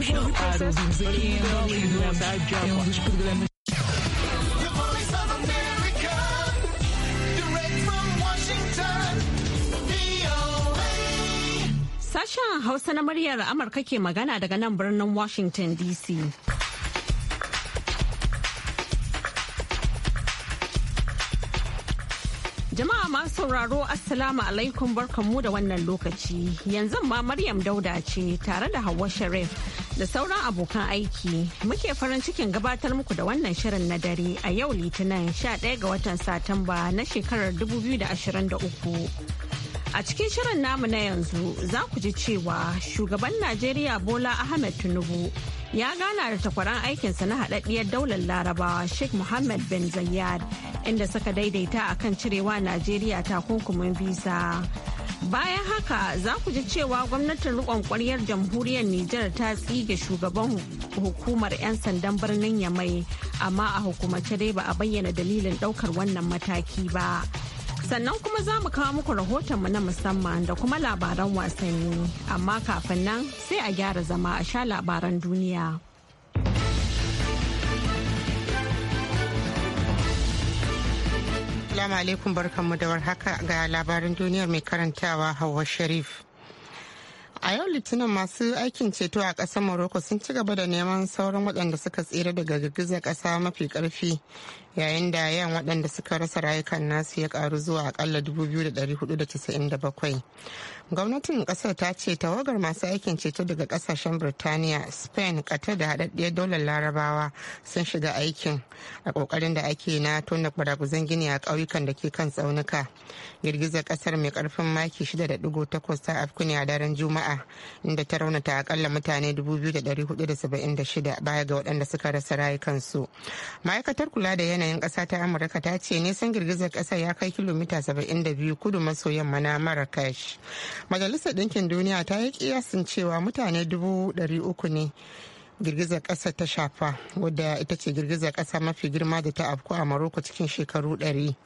Sashen Hausa na muryar Amurka ke magana daga nan birnin Washington DC. Jama'a masu sauraro Assalamu alaikum barkanmu da wannan lokaci. Yanzu ma Maryam Dauda ce tare da Hauwa Sharif da sauran abokan aiki muke farin cikin gabatar muku da wannan shirin na dare a yau litinin 11 ga watan satamba na shekarar 2023 a cikin shirin namu na yanzu za ku ji cewa shugaban najeriya bola ahmed tinubu ya gana da takwaran aikinsa na haɗaɗɗiyar daular larabawa sheikh mohammed bin zayyad inda suka daidaita akan cirewa najeriya takunkumin visa Bayan haka za ku ji cewa gwamnatin rikon kwaryar jamhuriyar Nijar ta tsige shugaban hukumar 'yan sandan birnin Yamai amma a hukumace dai ba a bayyana dalilin daukar wannan mataki ba. Sannan kuma za mu kawo muku rahotonmu na musamman da kuma labaran wasanni amma kafin nan sai a gyara zama a sha labaran duniya. Assalamu alaikum barkanmu da warhaka ga labarin duniyar mai karantawa Hauwa Sharif. A yau Litinin masu aikin ceto a ƙasar Morocco sun ci gaba da neman sauran waɗanda suka tsira daga girgizar ƙasa mafi ƙarfi yayin da yawan waɗanda suka rasa rayukan nasu ya karu zuwa akalla 2,497 gwamnatin ƙasar ta ce tawagar masu aikin ceto daga ƙasashen birtaniya spain ƙatar da haɗaɗɗiyar dolar larabawa sun shiga aikin a ƙoƙarin da ake na tona baraguzan gini a ƙauyukan da ke kan tsaunuka girgizar ƙasar mai ƙarfin maki 6.8 ta afku ne a daren juma'a inda ta raunata akalla mutane 2,476 baya ga waɗanda suka rasa rayukansu ma'aikatar kula da yanayin ƙasa ta amurka ta ce nisan girgizar ƙasa ya kai kilomita 72 kudu maso yamma na marrakesh majalisar ɗinkin duniya ta yi kiyasin cewa mutane 300 ne girgizar ƙasa ta shafa wadda ita ce girgizar ƙasa mafi girma da ta afku a maroko cikin shekaru 100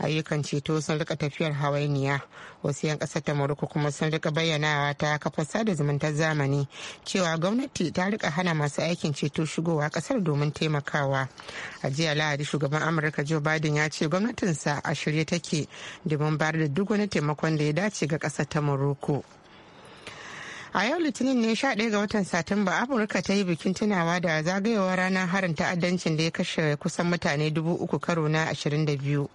ayyukan ceto sun rika tafiyar hawainiya wasu 'yan ƙasar ta maroko kuma sun rika bayyanawa ta kafar sada zumuntar zamani cewa gwamnati ta rika hana masu aikin ceto shigowa ƙasar domin taimakawa a jiya lahadi shugaban amurka joe biden ya ce gwamnatinsa a shirye take domin bayar da duk wani taimakon da ya dace ga ƙasar ta maroko a yau litinin ne 11 ga watan satumba amurka ta yi bikin tunawa da zagayowar ranar harin ta'addancin da ya kashe kusan mutane dubu uku karo na 22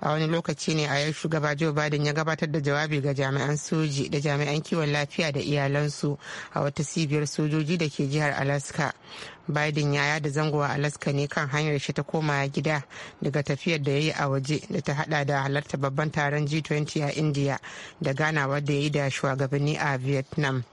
a wani lokaci ne a yau shugaba joe biden ya gabatar da jawabi ga jami'an soji da jami'an kiwon lafiya da iyalansu a wata cibiyar sojoji da ke jihar alaska biden ya yada zango a alaska ne kan hanyar shi ta koma gida daga tafiyar da ya yi a waje da ta hada da halarta babban taron g20 a india da ghana da ya yi da shugabanni a vietnam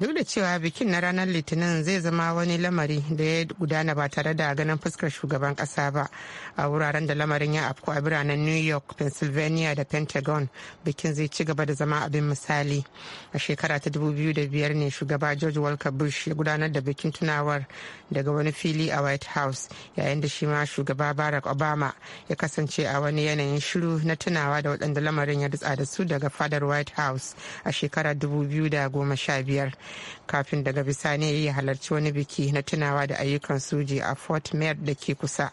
duk da cewa bikin na ranar litinin zai zama wani lamari da ya gudana ba tare da ganin fuskar shugaban kasa ba a wuraren da lamarin ya afku a biranen new york pennsylvania da pentagon bikin zai ci gaba da zama abin misali a shekara ta dubu biyu da biyar ne shugaba george walker bush ya gudanar da bikin tunawar daga wani fili a white house yayin da shi ma shugaba barack obama ya kasance a wani yanayin shiru na tunawa da waɗanda lamarin ya dutsa da su daga fadar white house a shekara da goma sha biyar kafin daga bisani ya halarci wani biki na tunawa da ayyukan suji a fort mayor da ke kusa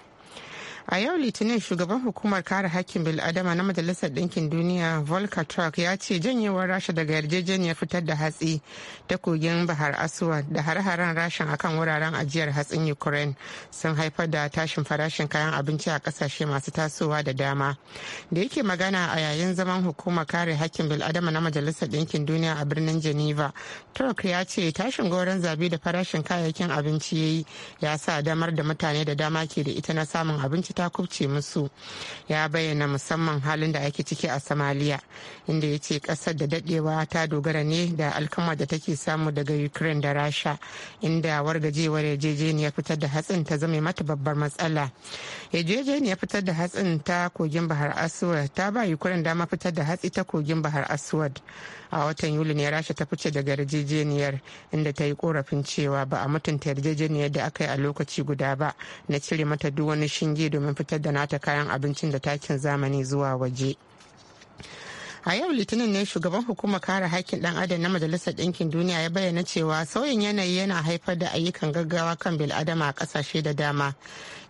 a yau litinin shugaban hukumar kare hakkin bil'adama na majalisar ɗinkin duniya volker turk ya ce janyewar rasha daga yarjejeniyar fitar da hatsi ta kogin bahar asuwa da har-haren rashin akan wuraren ajiyar hatsin ukraine sun haifar da tashin farashin kayan abinci a kasashe masu tasowa da dama da yake magana a yayin zaman hukumar kare hakkin bil'adama na majalisar ɗinkin duniya a birnin geneva turk ya ce tashin goron zabi da farashin kayayyakin abinci ya yi ya sa damar da mutane da dama ke da ita na samun abinci ta kubce musu ya bayyana musamman halin da ake ciki a samaliya inda ya ce kasar da dadewa ta dogara ne da alkama da take samu daga ukraine da rasha inda wargajewar yarjejeniyar fitar da hatsin ta zama mata babbar matsala yarjejeniyar fitar da hatsin ta kogin bahar aswad ta ba ukraine dama fitar da hatsi ta kogin bahar aswad a watan yuli ne rasha ta fice daga yarjejeniyar inda ta yi korafin cewa ba a mutunta yarjejeniyar da aka yi a lokaci guda ba na cire mata duk wani shinge domin fitar da nata kayan abincin da takin zamani zuwa waje a yau litinin ne shugaban hukumar kare haƙƙin ɗan adam na majalisar ɗinkin duniya ya bayyana cewa sauyin yanayi yana haifar da ayyukan gaggawa kan bil'adama a ƙasashe da dama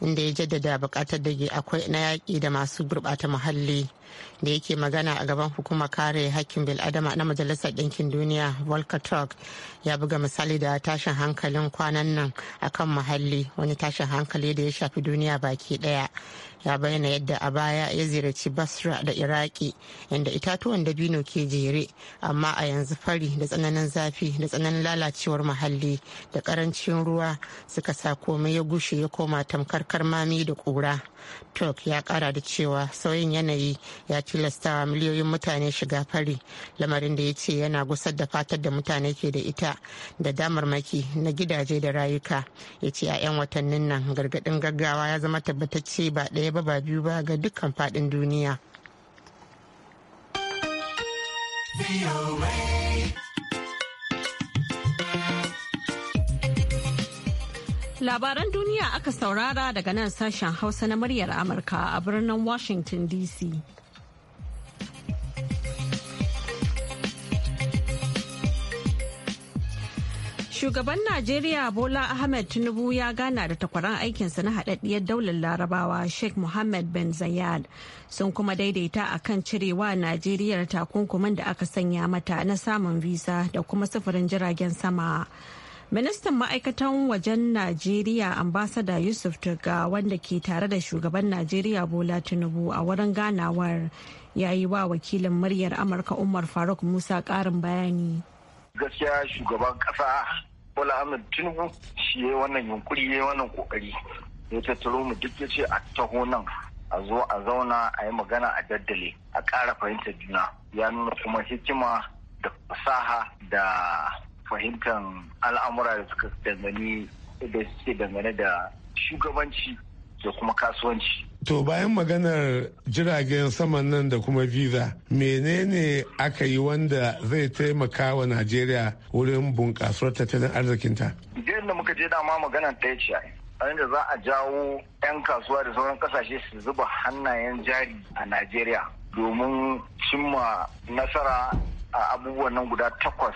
inda ya jaddada buƙatar da akwai na yaƙi da masu gurɓata muhalli. da yake magana a gaban hukumar kare hakkin bil'adama na majalisar ɗinkin duniya volker turk ya buga misali da tashin hankalin kwanan nan a kan muhalli wani tashin hankali da ya shafi duniya baki ɗaya ya bayyana yadda a baya ya ziyarci basra da iraki inda itatuwan dabino ke jere amma a yanzu fari da tsananin zafi da tsananin lalacewar muhalli da karancin ruwa suka sa komai ya gushe ya koma tamkar karmami da kura turk ya kara da cewa sauyin yanayi ya tilastawa miliyoyin mutane shiga fari lamarin da ya ce yana gusar da fatar da mutane ke da ita da damar maki na gidaje da rayuka ya ce a 'yan watannin nan gargadin gaggawa ya zama tabbatacce ba ɗaya ba ba biyu ba ga dukkan fadin duniya. Labaran duniya aka saurara daga nan sashen Hausa na muryar Amurka a birnin Washington DC. Shugaban Najeriya Bola Ahmed Tinubu ya gana da takwaran aikinsa na haɗaɗɗiyar daular larabawa Sheikh Mohammed bin Zayed sun kuma daidaita a kan cirewa Najeriya takunkumin da aka sanya mata na samun visa da kuma sufurin jiragen sama. Ministan ma'aikatan wajen Najeriya ambasada Yusuf Tuga, wanda ke tare da shugaban Najeriya Bola Tinubu a wurin ganawar ya yi wa wakilin muryar Amurka Umar Faruk Musa ƙarin bayani. gaskiya shugaban kasa bola ahmed tinubu shi ya wannan yunkuri ya wannan kokari ya tattaro mu duk ya ce a taho nan a zo a zauna a yi magana a daddale a ƙara fahimtar juna ya nuna kuma hikima da fasaha da fahimtar al'amura da suka dangane da suke dangane da shugabanci da kuma kasuwanci To bayan maganar jiragen saman nan da kuma visa, menene aka yi wanda zai taimaka wa Najeriya wurin bunƙasar tattalin arzikinta? Jirin da muka je dama maganar ta ce, inda za a jawo 'yan kasuwa da sauran kasashe su zuba hannayen jari a Najeriya domin cimma nasara a abubuwan nan guda takwas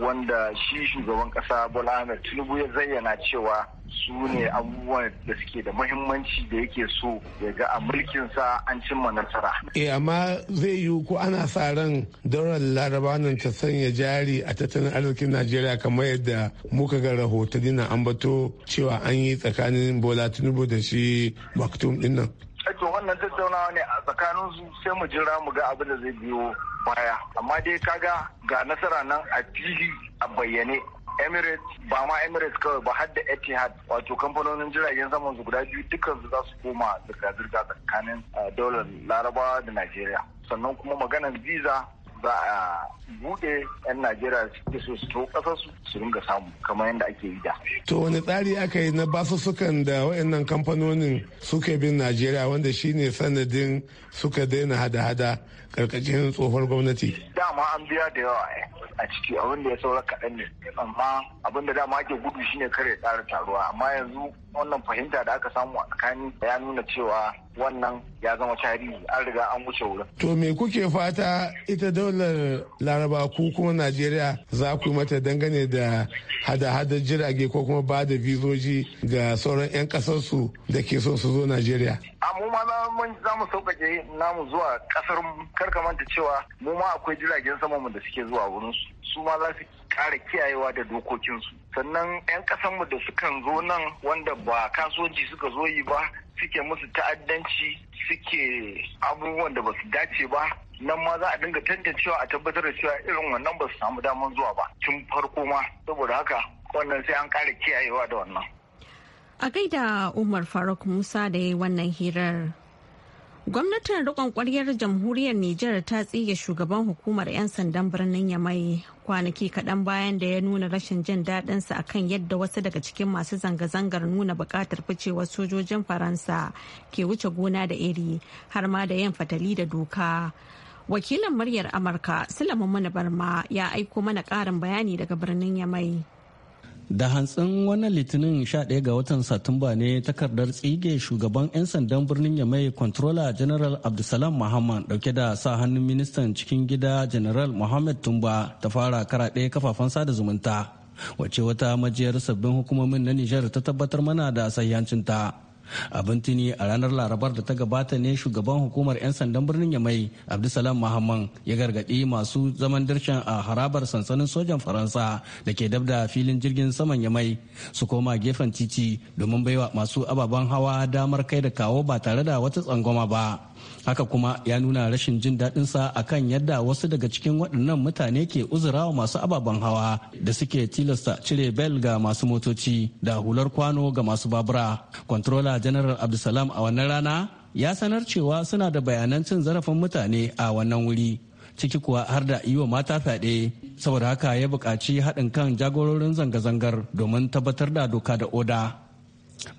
wanda shi shugaban kasa bola ahmed tinubu ya zayyana cewa su ne abubuwan da suke da muhimmanci da yake so ya ga a mulkinsa an cimma nasara. E amma zai yi ko ana sa ran daular laraba nan ta sanya jari a tattalin arzikin Najeriya kamar yadda muka ga rahotanni na ambato cewa an yi tsakanin Bola Tinubu da shi Maktum din to wannan tattaunawa ne a tsakanin su sai mu jira mu ga abin da zai biyo baya amma dai kaga ga nasara nan a fili a bayyane emirates ba ma emirates kawai ba har da etihad wato kamfanonin jiragen saman su guda biyu dukkan su za su koma zirga-zirga tsakanin eh, dolar larabawa da nigeria sannan kuma maganar visa za a buɗe 'yan Najeriya da su su ƙasarsu su ringa samu kamar yadda ake yi da. To wani tsari aka yi na basussukan da waɗannan kamfanonin suke bin Najeriya wanda shine sanadin suka daina hada-hada karkashin tsohuwar gwamnati. Dama an biya da yawa a ciki abin da ya saura kaɗan ne amma abin da dama ake gudu shine kare tsara taruwa amma yanzu wannan fahimta da aka samu a tsakani ya nuna cewa wannan ya zama tarihi an riga an wuce wurin. To me kuke fata ita daular laraba ku kuma Najeriya za ku mata dangane da hada hada jirage ko kuma ba da vizoji ga sauran 'yan kasarsu da ke so su zo Najeriya? mu ma za mu sauƙaƙe namu zuwa ƙasar karka manta cewa mu ma akwai jiragen sama mu da suke zuwa wurin su su ma za su ƙara kiyayewa da dokokinsu sannan 'yan ƙasanmu da sukan zo nan wanda ba kasuwanci suka zo yi ba suke musu ta'addanci suke abubuwan da ba su dace ba nan ma za a dinga tantancewa a tabbatar da cewa irin wannan ba su samu daman zuwa ba tun farko ma saboda haka wannan sai an ƙara kiyayewa da wannan A gaida Umar Faruk Musa da ya yi wannan hirar. Gwamnatin rikon kwaryar jamhuriyar Nijar ta tsige shugaban hukumar 'yan sandan birnin Yamai kwanaki kaɗan bayan da ya nuna rashin jin daɗinsa kan yadda wasu daga cikin masu zanga-zangar nuna buƙatar ficewar sojojin Faransa ke wuce gona da iri har ma da yin fatali da doka. Wakilin muryar Amurka Sulaiman Mana Barma ya aiko mana ƙarin bayani daga birnin Yamai. Da hantsin wannan litinin 11 ga watan Satumba ne takardar tsige shugaban 'yan sandan birnin ya mai Controller General Abdulsalam Muhammad dauke da sa hannun ministan cikin gida General Muhammad Tumba ta fara karaɗe kafafen sada zumunta. Wace wata majiyar sabbin hukumomin na Nijar ta tabbatar mana da sahihancinta? abin tuni a ranar larabar da ta gabata ne shugaban hukumar 'yan sandan birnin ya yamai abdulsalam mahamman ya gargadi masu zaman dirshan a harabar sansanin sojan faransa da ke dab da filin jirgin saman ya mai su koma gefen titi domin baiwa masu ababen hawa damar kai da kawo ba tare da wata tsangwama ba haka kuma ya nuna rashin jin daɗinsa a kan yadda wasu daga cikin waɗannan mutane ke uzurawa masu ababen hawa da suke tilasta cire bel ga masu motoci da hular kwano ga masu babura controller general abdulsalam a wannan rana ya sanar cewa suna da bayanan cin zarafin mutane a wannan wuri ciki kuwa har da yi mata fyaɗe saboda haka ya buƙaci haɗin kan jagororin zanga-zangar domin tabbatar da doka da oda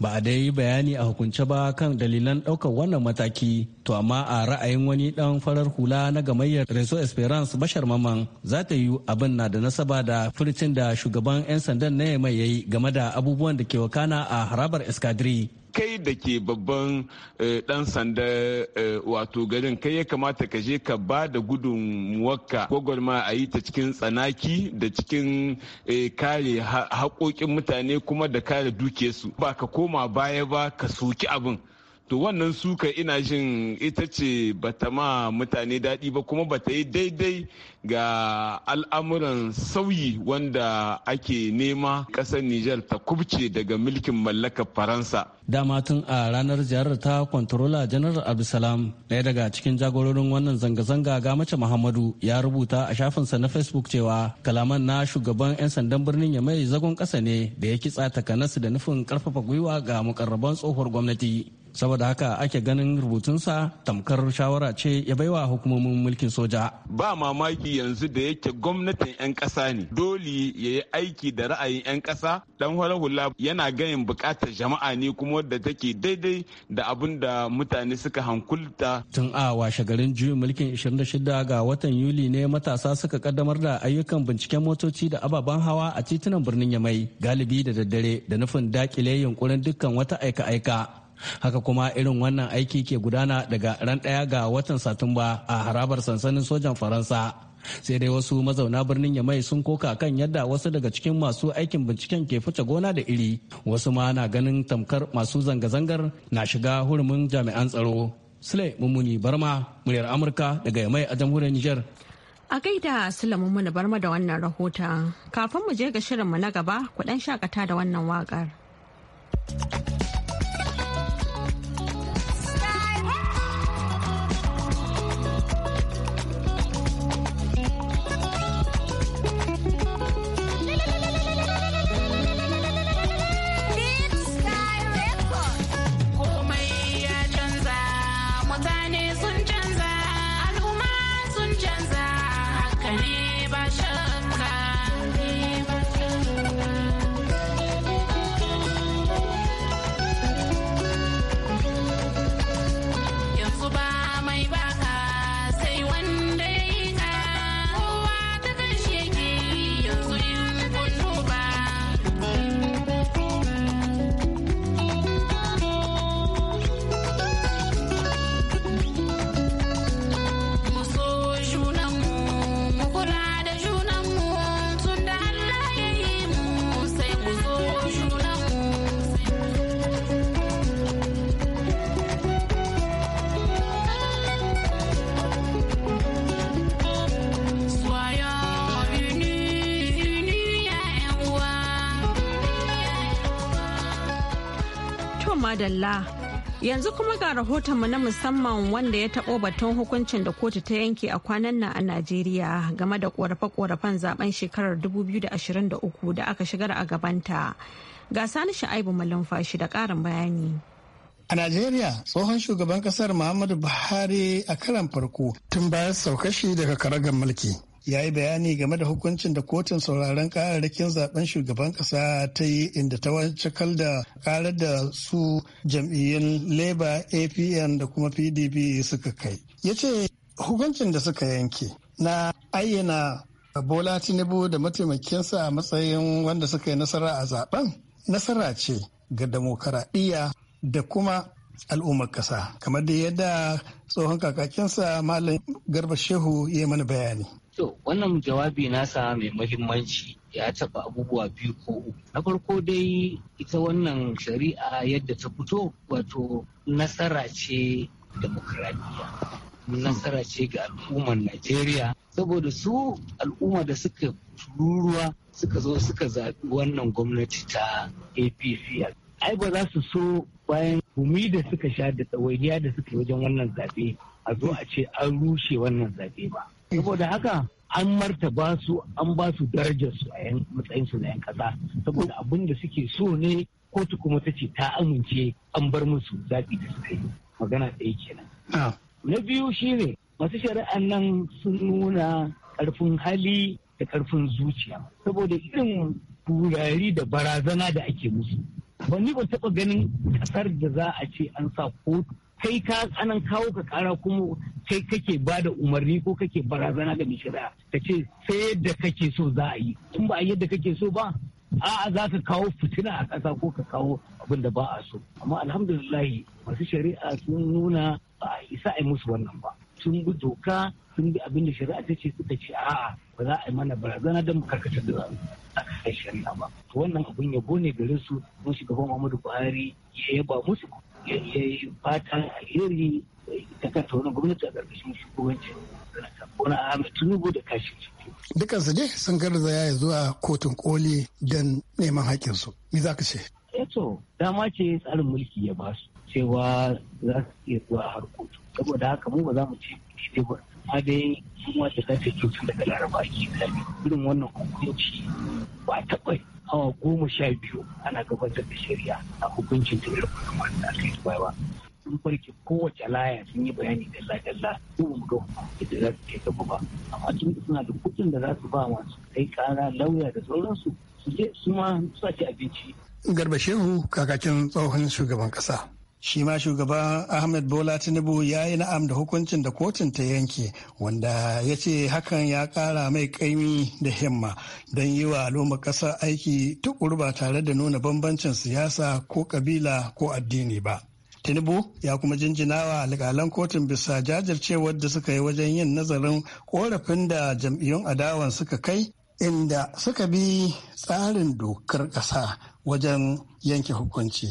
ba a dai bayani a hukunce ba kan dalilan ɗaukar wannan mataki to amma a ra'ayin wani ɗan farar hula na gamayyar reso esperance bashar maman za ta yi abin na da nasaba da furcin da shugaban 'yan sandan na mai yayi game da abubuwan da ke wakana a harabar escadrille kai da ke babban dan eh, sanda eh, wato garin kai ya kamata ka je ka ba da gwagwar gwagwarma a yi ta cikin tsanaki da cikin eh, kare haƙoƙin mutane kuma da kare dukiyarsu ba ka koma baya ba ka soki abin to wannan suka ina jin ita ce bata ma mutane daɗi ba kuma bata yi daidai ga al'amuran sauyi wanda ake nema ƙasar Nijar ta kubce daga mulkin mallakar Faransa. Dama tun a ranar ziyarar ta kwantarola janar Abdulsalam ɗaya daga cikin jagororin wannan zanga-zanga ga mace Muhammadu ya rubuta a shafinsa na Facebook cewa kalaman na shugaban 'yan sandan birnin ya mai zagon ƙasa ne da ya kitsa takanasu da nufin ƙarfafa gwiwa ga mukarraban tsohuwar gwamnati. saboda haka ake ganin rubutunsa tamkar shawara ce ya baiwa hukumomin mulkin soja ba mamaki yanzu da yake gwamnatin 'yan ƙasa ne dole ya yi aiki da ra'ayin 'yan ƙasa dan hula yana ganin buƙatar jama'a ne kuma da take daidai da abin da mutane suka hankulta tun a washe garin juyin mulkin 26 ga watan yuli ne matasa suka kaddamar da ayyukan binciken motoci da ababen hawa a titunan birnin yamai galibi da daddare da nufin dakile yunkurin dukkan wata aika-aika haka kuma irin wannan aiki ke gudana daga ran ɗaya ga watan satumba a harabar sansanin sojan faransa sai dai wasu mazauna birnin yamai sun koka kan yadda wasu daga cikin masu aikin binciken ke fice gona da iri wasu ma na ganin tamkar masu zanga-zangar na shiga hurumin jami'an tsaro sule mummuni barma muryar amurka daga yamai a jamhuriyar niger a gaida sule mummuni barma da wannan rahoton kafin mu je ga shirin mu na gaba kudan shakata da wannan wakar. dalla Yanzu kuma ga rahotonmu na musamman wanda ya taɓo batun hukuncin da kotu ta yanke a kwanan nan a Najeriya game da ƙorafe-ƙorafen zaben shekarar 2023 da aka shigar a gabanta. Ga sani sha'ibu malumfashi da ƙarin bayani. A Najeriya, tsohon shugaban ƙasar Muhammadu Buhari a karan farko tun bayan saukashi daga karagar mulki ya yi bayani game da hukuncin da kotun sauraron kararrakin zaben shugaban kasa ta yi inda ta wancakal da karar da su jam'iyyun labour apn da kuma pdp suka kai ya ce hukuncin da suka yanke na ayyana bola tinubu da mataimakinsa a matsayin wanda suka yi nasara a zaben nasara ce ga demokaradiyya da kuma al'ummar kasa kamar da yadda tsohon kakakinsa malam garba shehu ya mana bayani To, wannan jawabi nasa mai mahimmanci ya taɓa abubuwa biyu ko uku. Na farko dai ita wannan shari'a yadda ta fito wato nasara ce demokradiyya. Nasara ce ga al'ummar Najeriya saboda su al'umma da suka ruruwa suka zo suka zaɓi wannan gwamnati ta APC. Ai ba za su so bayan gumi da suka sha da tsawaiya da suka wajen wannan zaɓe a zo a ce an rushe wannan zaɓe ba. saboda haka an martaba su an ba su darajar su a yan matsayin su na yan kasa saboda abin da suke so ne kotu kuma ta ce ta amince an bar musu zaɓi da suka yi magana ɗaya kenan ah. na biyu shine masu shari'an nan sun nuna ƙarfin hali da ƙarfin zuciya saboda irin turari da barazana da ake musu ban ni ban taɓa ganin ƙasar da za a ce an sa kotu kai ka anan kawo ka kara kuma kai kake ba da umarni ko kake barazana ga mai shari'a ce sai yadda kake so za a yi Kun ba a yadda kake so ba a'a za ka kawo fitina a ƙasa ko ka kawo abin da ba a so amma alhamdulillahi masu shari'a sun nuna ba a isa a musu wannan ba sun bi doka sun bi abin da shari'a ta ce suka ce a'a ba za a yi mana barazana don karkatar da zamu a kai shari'a ba to wannan abin yabo ne gare su mun shugaban Muhammadu Buhari ya yaba musu ya yi fatan alheri ta wani gwamnati a ƙarƙashin shugabanci wani ahmed tinubu da kashi dukansu ne sun garza ya zuwa kotun koli don neman haƙƙinsu me za ka ce eto eh dama ce tsarin mulki ya ba su cewa za su iya zuwa har kotu saboda haka mu ba za mu ce shi ba ma dai sun wata kafe kyautar daga laraba ke zabi irin wannan hukunci ba taɓa awa goma sha biyu ana gabatar da shari'a a hukuncin da irin wannan da ta yi ba sun barke kowace laya sun yi bayani da dalla su mu ga idan za su ke gaba ba amma tun suna da kuɗin da za su ba masu kai kara lauya da sauransu su je su ma su ci abinci. Garba Shehu kakakin tsohon shugaban kasa. Shi ma shugaba Ahmed Bola Tinubu ya yi na'am da hukuncin da kotun ta yanke wanda ya ce hakan ya kara mai kaimi da himma don yi wa al'umma ƙasa aiki tukuru ba tare da nuna bambancin siyasa ko kabila ko addini ba. Tinubu ya kuma jinjinawa alƙalan kotun bisa jajircewar da suka yi wajen yin nazarin korafin da jam'iyyun adawan suka kai inda suka bi tsarin dokar ƙasa wajen yanke hukunci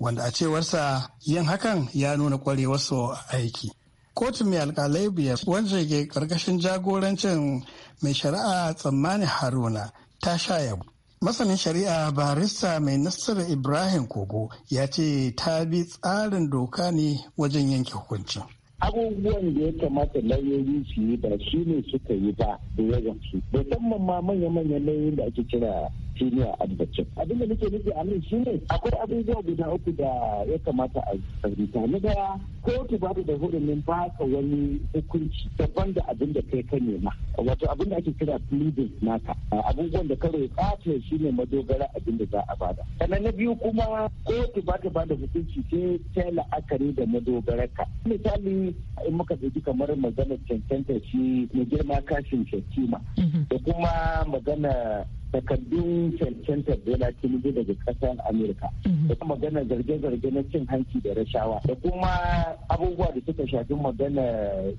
wanda a cewarsa yin hakan ya nuna kwarewarsu a aiki. Kotun mai alkalai biyar wanda ke ƙarƙashin jagorancin mai shari'a tsammanin haruna ta sha yau. Masanin shari'a barista mai nasara Ibrahim Kogo ya ce ta bi tsarin doka ne wajen yanke hukunci. abubuwan da ya kamata lauyoyi su yi ba shi ne suka yi ba da yawan su musamman ma manya-manyan lauyoyin da ake kira a advocate abin da nake nufi a nan shine akwai abubuwa guda uku da ya kamata a fahimta na daya kotu ba da hurumin ba ka wani hukunci daban da abin da kai ka nema wato abin da ake kira pleading naka abubuwan da ka roƙa to shine madogara abin da za a bada sannan na biyu kuma kotu ba ta ba da hukunci sai ta la'akari da madogaraka. misali in muka ɗauki kamar maganar cancanta shi mai girma kashin shakima da kuma magana takaddun cancantar dola tinubu daga kasar amurka mhm. da kuma magana zarge-zarge na cin hanci da rashawa da kuma abubuwa da suka shafi magana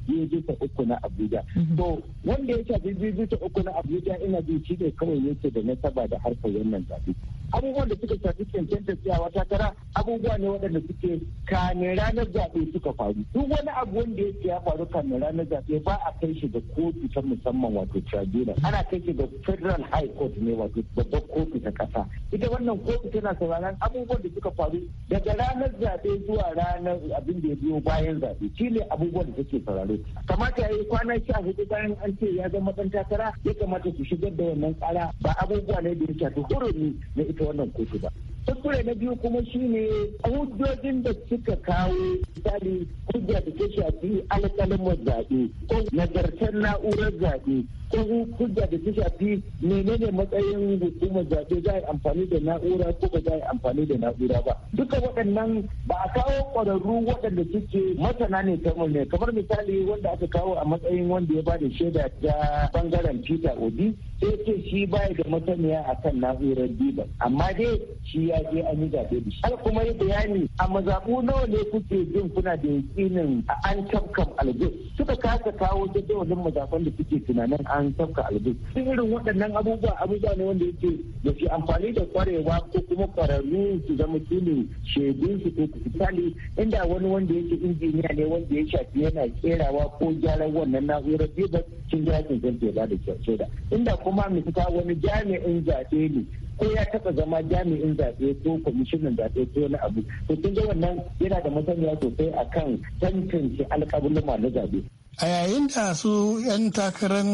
biyu bisa uku na abuja mhm. to wanda ya shafi biyu bisa uku na abuja ina ji shi ne kawai yake da nasaba da harkar wannan zafi abubuwan da suka shafi cancantar tsayawa takara abubuwa ne waɗanda suke kane ranar zaɓe suka faru duk wani abu wanda yake ya faru kamin ranar zaɓe ba a kai shi da kotu ta musamman wato tribunal ana kai shi da federal high court ne wato babban kotu ta ƙasa ita wannan kotu tana sauraron abubuwan da suka faru daga ranar zaɓe zuwa ranar abin da ya biyo bayan zaɓe shi ne abubuwan da take sauraro kamata ya yi kwana sha hudu bayan an ce ya zama ɗan takara ya kamata su shigar da wannan tsara ba abubuwa ne da ya shafi hurumi na ita ita wannan kotu ba kuskure na biyu kuma shine hujjojin da suka kawo misali hujja da ta shafi alƙalin zaɓe ko nagartar na'urar zaɓe ko hujja da ta shafi menene matsayin hukumar zaɓe za a yi amfani da na'ura ko ba za a yi amfani da na'ura ba duka waɗannan ba a kawo ƙwararru waɗanda suke masana ne ne kamar misali wanda aka kawo a matsayin wanda ya bada shaida ta bangaren peter obi sai ce shi baya da masaniya akan na'urar diba amma dai shi ya je an yi zaɓe da shi. Har kuma yi bayani a mazaɓu nawa ne kuke jin kuna da yakinin a an tafka albis. Suka kasa kawo jadawalin mazaɓan da kuke tunanin an tafka albis. Sun irin waɗannan abubuwa abubuwa ne wanda yake da ke amfani da kwarewa ko kuma ƙwararru su zama su ne shaidun su ko kusitali inda wani wanda yake injiniya ne wanda ya shafi yana ƙerawa ko gyaran wannan na'urar zai ba cin zan ba da kyau da inda kuma fita wani jami'in zaɓe ne ko ya taɓa zama jami'in zaɓe ko kwamishinan zaɓe ko wani abu to kun ga wannan yana da masaniya sosai akan tantance alƙaluma na zaɓe. a yayin da su 'yan takarar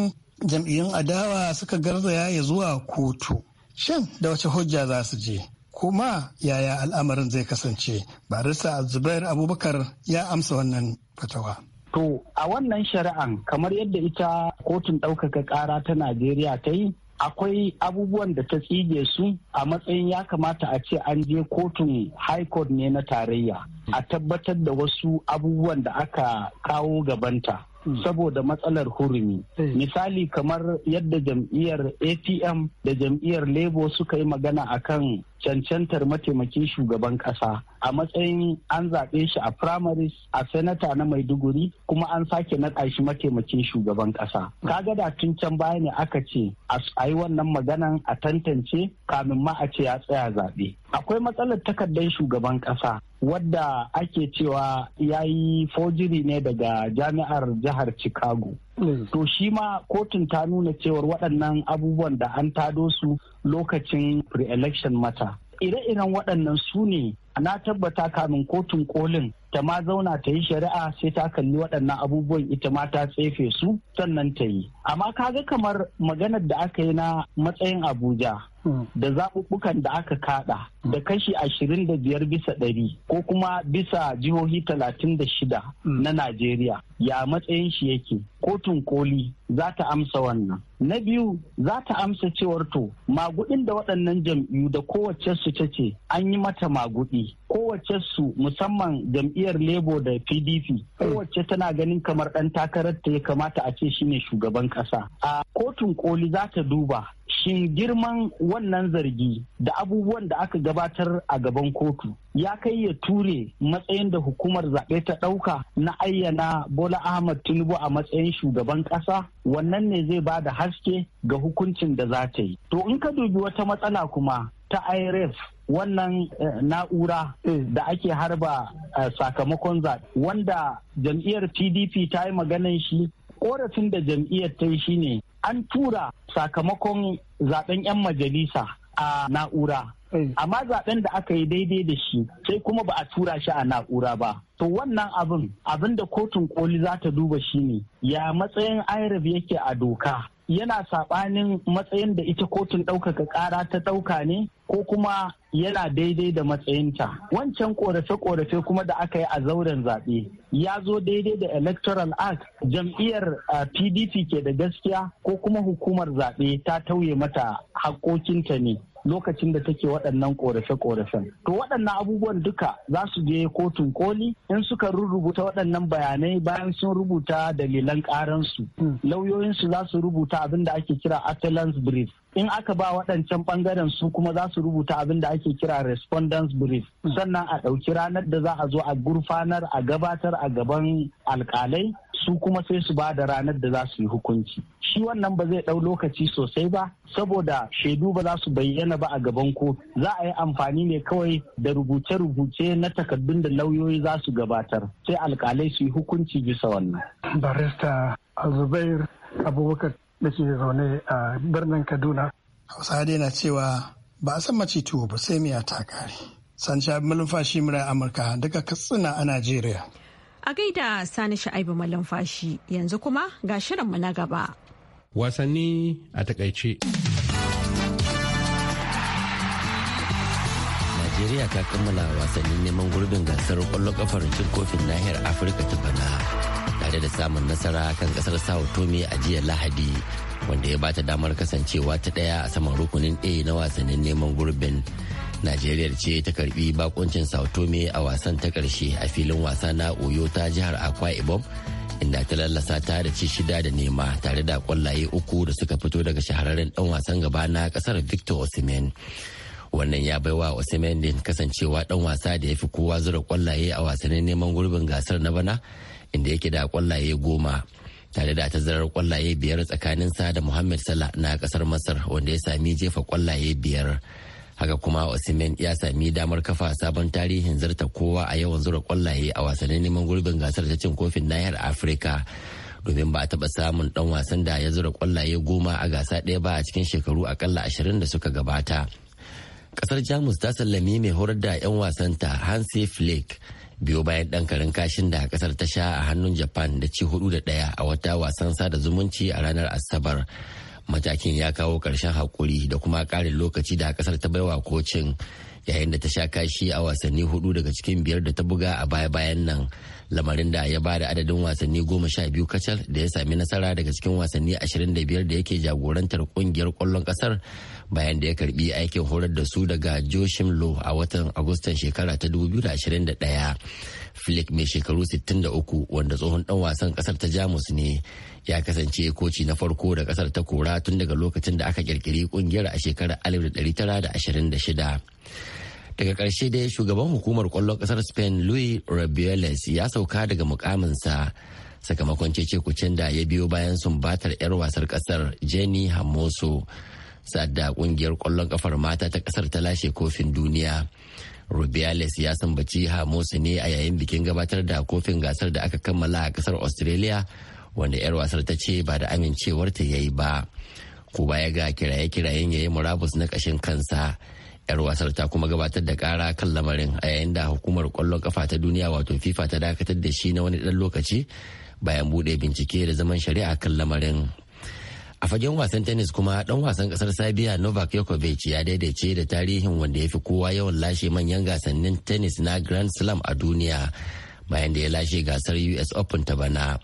jam'iyyun adawa suka garzaya ya zuwa kotu shin da wace hujja za su je kuma yaya al'amarin zai kasance barista zubair abubakar ya amsa wannan fatawa to a wannan shari'an kamar yadda ita kotun ɗaukaka ƙara ta najeriya ta yi akwai abubuwan da ta tsige su a matsayin ya kamata a ce an je kotun high court ne na tarayya a tabbatar da wasu abubuwan da aka kawo gabanta saboda matsalar hurumi eh. misali kamar yadda jam'iyyar A.T.M da jam'iyyar labour suka yi magana akan cancantar mataimakin shugaban kasa a matsayin an zaɓe shi a primaries a senata na maiduguri kuma an sake naɗa shi mataimakin shugaban kasa hmm. kaga da tun can baya ne aka ce a yi wannan maganan a tantance kamin ma a ce ya tsaya zaɓe akwai matsalar takardar shugaban kasa wadda ake cewa ya yi fojiri ne daga jami'ar jihar chicago mm. to shi ma kotun ta nuna cewar waɗannan abubuwan da an tado su lokacin pre-election mata ire-iren waɗannan su ne na tabbata kamin kotun kolin ta ma zauna ta yi shari'a sai ta kalli waɗannan abubuwan ita ma ta tsefe su sannan ta yi amma kaga kamar maganar da aka yi na matsayin abuja Mm. da zaɓuɓɓukan da aka kaɗa mm. da kashi ashirin da biyar bisa ɗari ko kuma bisa jihohi talatin da shida mm. na Najeriya ya matsayin shi yake. kotun koli za ta amsa wannan na biyu za ta amsa cewar to magudin da waɗannan jam'iyyu da kowace su ta ce an yi mata magudi kowace su musamman jam'iyyar lebo da pdp kowace tana ganin kamar ɗan takarar ta ya kamata a ce shine shugaban ƙasa a kotun koli za ta duba shin girman wannan zargi da abubuwan da aka gabatar a gaban kotu ya kai ya ture matsayin da hukumar zaɓe ta ɗauka na ayyana Bola Ahmad Tinubu a matsayin shugaban ƙasa wannan ne zai ba da haske ga hukuncin da za ta yi. To in ka dubi wata matsala kuma ta IRF wannan eh, na'ura da ake harba eh, sakamakon zaɓe wanda jam'iyyar PDP ta yi maganan shi korafin da jam'iyyar ta yi shine an tura sakamakon zaɓen 'yan majalisa a na'ura Eh. amma zaben da aka yi daidai da shi sai kuma ba a tura shi a na'ura ba to wannan abin abin da kotun koli za ta duba ne, ya matsayin irib yake a doka yana saɓanin matsayin da ita kotun ɗaukaka ƙara ta ɗauka ne ko kuma yana daidai da matsayinta wancan ƙorafe korafe kuma da aka yi a zauren zaɓe ya zo daidai da electoral act jam'iyyar pdp ah, ke da gaskiya ko kuma hukumar zaɓe ta tauye mata haƙoƙinta ne lokacin da take waɗannan ƙorafe korafen To waɗannan abubuwan duka za su je kotun koli in suka rubuta waɗannan bayanai bayan sun rubuta dalilan ƙaransu. Hmm. Lauyoyinsu za su rubuta abin da ake kira appellant's brief. in aka ba waɗancan ɓangaren su kuma za su rubuta abin da ake kira respondents brief hmm. sannan a ɗauki ranar da za a zo a gurfanar a gabatar a gaban alƙalai. su kuma sai su ba da ranar da za su yi hukunci shi wannan ba zai ɗau lokaci sosai ba saboda shaidu ba za su bayyana ba a gaban kotu za a yi amfani ne kawai da rubuce-rubuce na takardun da lauyoyi za su gabatar sai alkalai su yi hukunci bisa wannan barista zubair abubakar da ke zaune a birnin kaduna hausa dai na cewa ba a san mace tuwo ba sai miya ta kare sanci abin malumfashi a amurka duka katsina a najeriya A gaida sani sha'ibu fashi yanzu kuma ga shirinmu na gaba. Wasanni a takaice. Najeriya ta kammala wasannin neman gurbin gasar kwallon kafar cin kofin nahiyar Afirka ta bana tare da samun nasara kan kasar Sao Tome a jiya Lahadi wanda ya bata damar kasancewa ta daya a saman rukunin A na wasannin neman gurbin. Najeriya ce ta karbi bakuncin Sao a wasan ta karshe a filin wasa na Oyo ta jihar Akwa Ibom inda ta lallasa ta da ci shida da nema tare da kwallaye uku da suka fito daga shahararren dan wasan gaba na kasar Victor Osimhen. Wannan ya baiwa Osimhen din kasancewa dan wasa da ya fi kowa zura kwallaye a wasannin neman gurbin gasar na bana inda yake da kwallaye goma. tare da tazarar kwallaye biyar tsakaninsa da Muhammad Salah na kasar Masar wanda ya sami jefa kwallaye biyar. haka kuma Osimhen ya sami damar kafa sabon tarihin zarta kowa a yawan zura kwallaye a wasannin neman gurbin gasar ta cin kofin nahiyar Afirka. domin ba a taɓa samun ɗan wasan da ya zura kwallaye goma a gasa ɗaya ba a cikin shekaru akalla ashirin da suka gabata. Kasar Jamus ta sallami mai horar da 'yan wasanta Hansi Flick biyo bayan ɗan karin kashin da kasar ta sha a hannun Japan da ci hudu da ɗaya a wata wasan sada zumunci a ranar Asabar. matakin ya kawo ƙarshen haƙuri da kuma ƙarin lokaci da ƙasar ta baiwa kocin yayin da ta sha kashi a wasanni hudu daga cikin biyar da ta buga a baya-bayan nan lamarin da ya bada adadin wasanni goma sha biyu kacal da ya sami nasara daga cikin wasanni ashirin da biyar da yake jagorantar kungiyar kwallon kasar bayan da ya karbi aikin horar da su daga joshim lo a watan agustan shekara ta 2021 flake mai shekaru 63 wanda tsohon dan wasan kasar ta jamus ne ya kasance koci na farko da kasar ta kora tun daga lokacin da aka kirkiri kungiyar a shekarar 1926 daga ƙarshe dai shugaban hukumar kwallon ƙasar spain louis rabieles ya sauka daga mukaminsa sakamakon cece-kucen da ya biyo bayan sumbatar 'yar wasar ƙasar jenny hamoso sadda ƙungiyar kwallon ƙafar mata ta ƙasar ta lashe kofin duniya rubiales ya san sambaci Hamoso ne a yayin bikin gabatar da kofin gasar da aka kammala a ƙasar australia wanda 'yar wasar ta ce ba da amincewarta ya yi ba ko baya ga kiraye-kirayen ya yi murabus na ƙashin kansa yar wasar ta kuma gabatar da kara kan lamarin a yayin da hukumar kwallon kafa ta duniya wato fifa ta dakatar da shi na wani dan lokaci bayan bude bincike da zaman shari'a kan lamarin a fagen wasan tennis kuma dan wasan kasar sabiya novak yokovic ya daidaice da tarihin wanda ya fi kowa yawan lashe manyan gasannin tennis na grand slam a duniya bayan da ya lashe gasar us open ta bana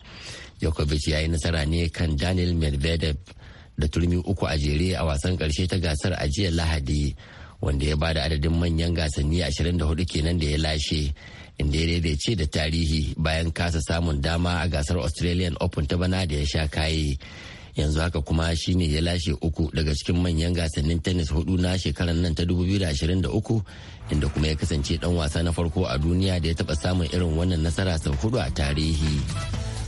yokovic ya yi nasara ne kan daniel medvedev da turmi uku a jere a wasan karshe ta gasar a jiya lahadi wanda ya bada adadin manyan gasanni 24 kenan da ya lashe inda ya daidaice da tarihi bayan kasa samun dama a gasar australian open ta bana da ya sha kaye yanzu haka kuma shine ya lashe uku daga cikin manyan gasannin tennis hudu na shekarar nan ta 2023 inda kuma ya kasance dan wasa na farko a duniya da ya taba samun irin wannan nasara sau hudu a tarihi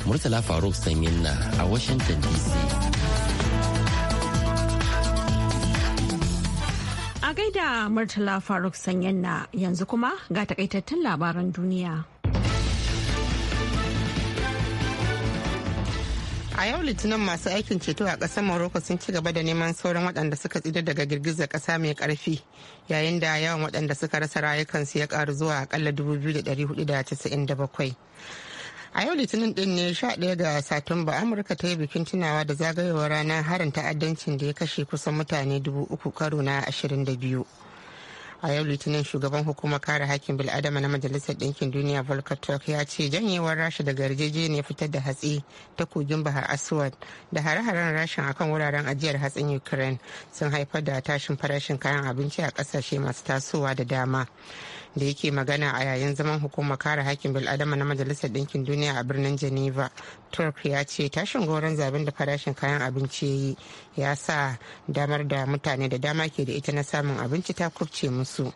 murtala faruk sanyin na a washington dc da Murtala Faruk na yanzu kuma ga takaitattun labaran duniya. A yau litinin masu aikin ceto a ƙasar Morocco sun ci gaba da neman sauran waɗanda suka tsira daga girgizar ƙasa mai ƙarfi yayin da yawan waɗanda suka rasa rayukansu ya ƙaru zuwa aƙalla 2,497. a yau litinin din ne 11 ga satumba amurka ta yi bikin tunawa da zagayowar ranar harin ta'addancin da ya kashe kusan mutane dubu uku karo na 22 a yau litinin shugaban hukumar kare hakkin bil'adama na majalisar ɗinkin duniya volker ya ce janyewar rasha da daga ne fitar da hatsi ta kogin bahar aswad da hare-haren rashin akan wuraren ajiyar hatsin ukraine sun haifar da tashin farashin kayan abinci a ƙasashe masu tasowa da dama da yake magana a yayin zaman hukumar kare hakkin bil'adama na majalisar ɗinkin duniya a birnin geneva turk ya ce tashin goron zaben da farashin kayan abinci ya yi ya sa damar da mutane da dama ke da ita na samun abinci ta kubce musu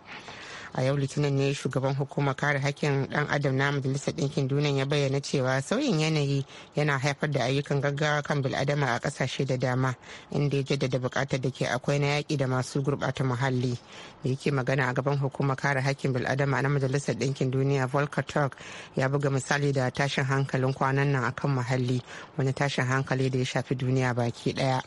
a yau litinin ne shugaban hukumar kare hakkin dan adam na majalisar ɗinkin duniya ya bayyana cewa sauyin yanayi yana haifar da ayyukan gaggawa kan bil'adama a ƙasashe da dama inda ya jaddada buƙatar da ke akwai na yaƙi da masu gurɓata muhalli da yake magana a gaban hukumar kare hakkin bil'adama na majalisar ɗinkin duniya volker talk ya buga misali da tashin hankalin kwanan nan akan muhalli wani tashin hankali da ya shafi duniya baki ɗaya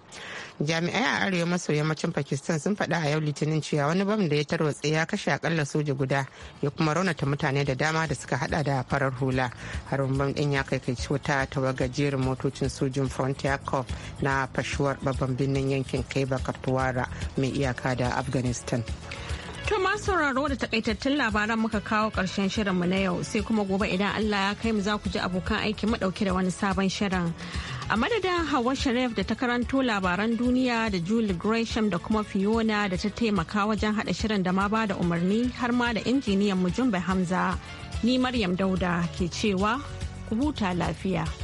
jami'ai a arewa maso yammacin pakistan sun faɗa a yau litinin cewa wani bam da ya tarwatse ya kashe akalla soja guda ya kuma raunata mutane da dama da suka hada da farar hula harin bam din ya kai kai wata tawagar jerin motocin sojin frontier corp na fashuwar babban birnin yankin kaiba kaftuwara mai iyaka da afghanistan To masu sauraro da takaitattun labaran muka kawo karshen shirinmu na yau sai kuma gobe idan Allah ya kai mu za ku ji abokan aiki mu dauke da wani sabon shirin. A madadin Hawa Sharif da ta karanto labaran duniya da Julie Gresham da kuma Fiona da ta taimaka wajen haɗa shirin da ma ba da umarni har ma da injiniyan mu Jumbe Hamza. Ni Maryam Dauda ke cewa ku huta lafiya.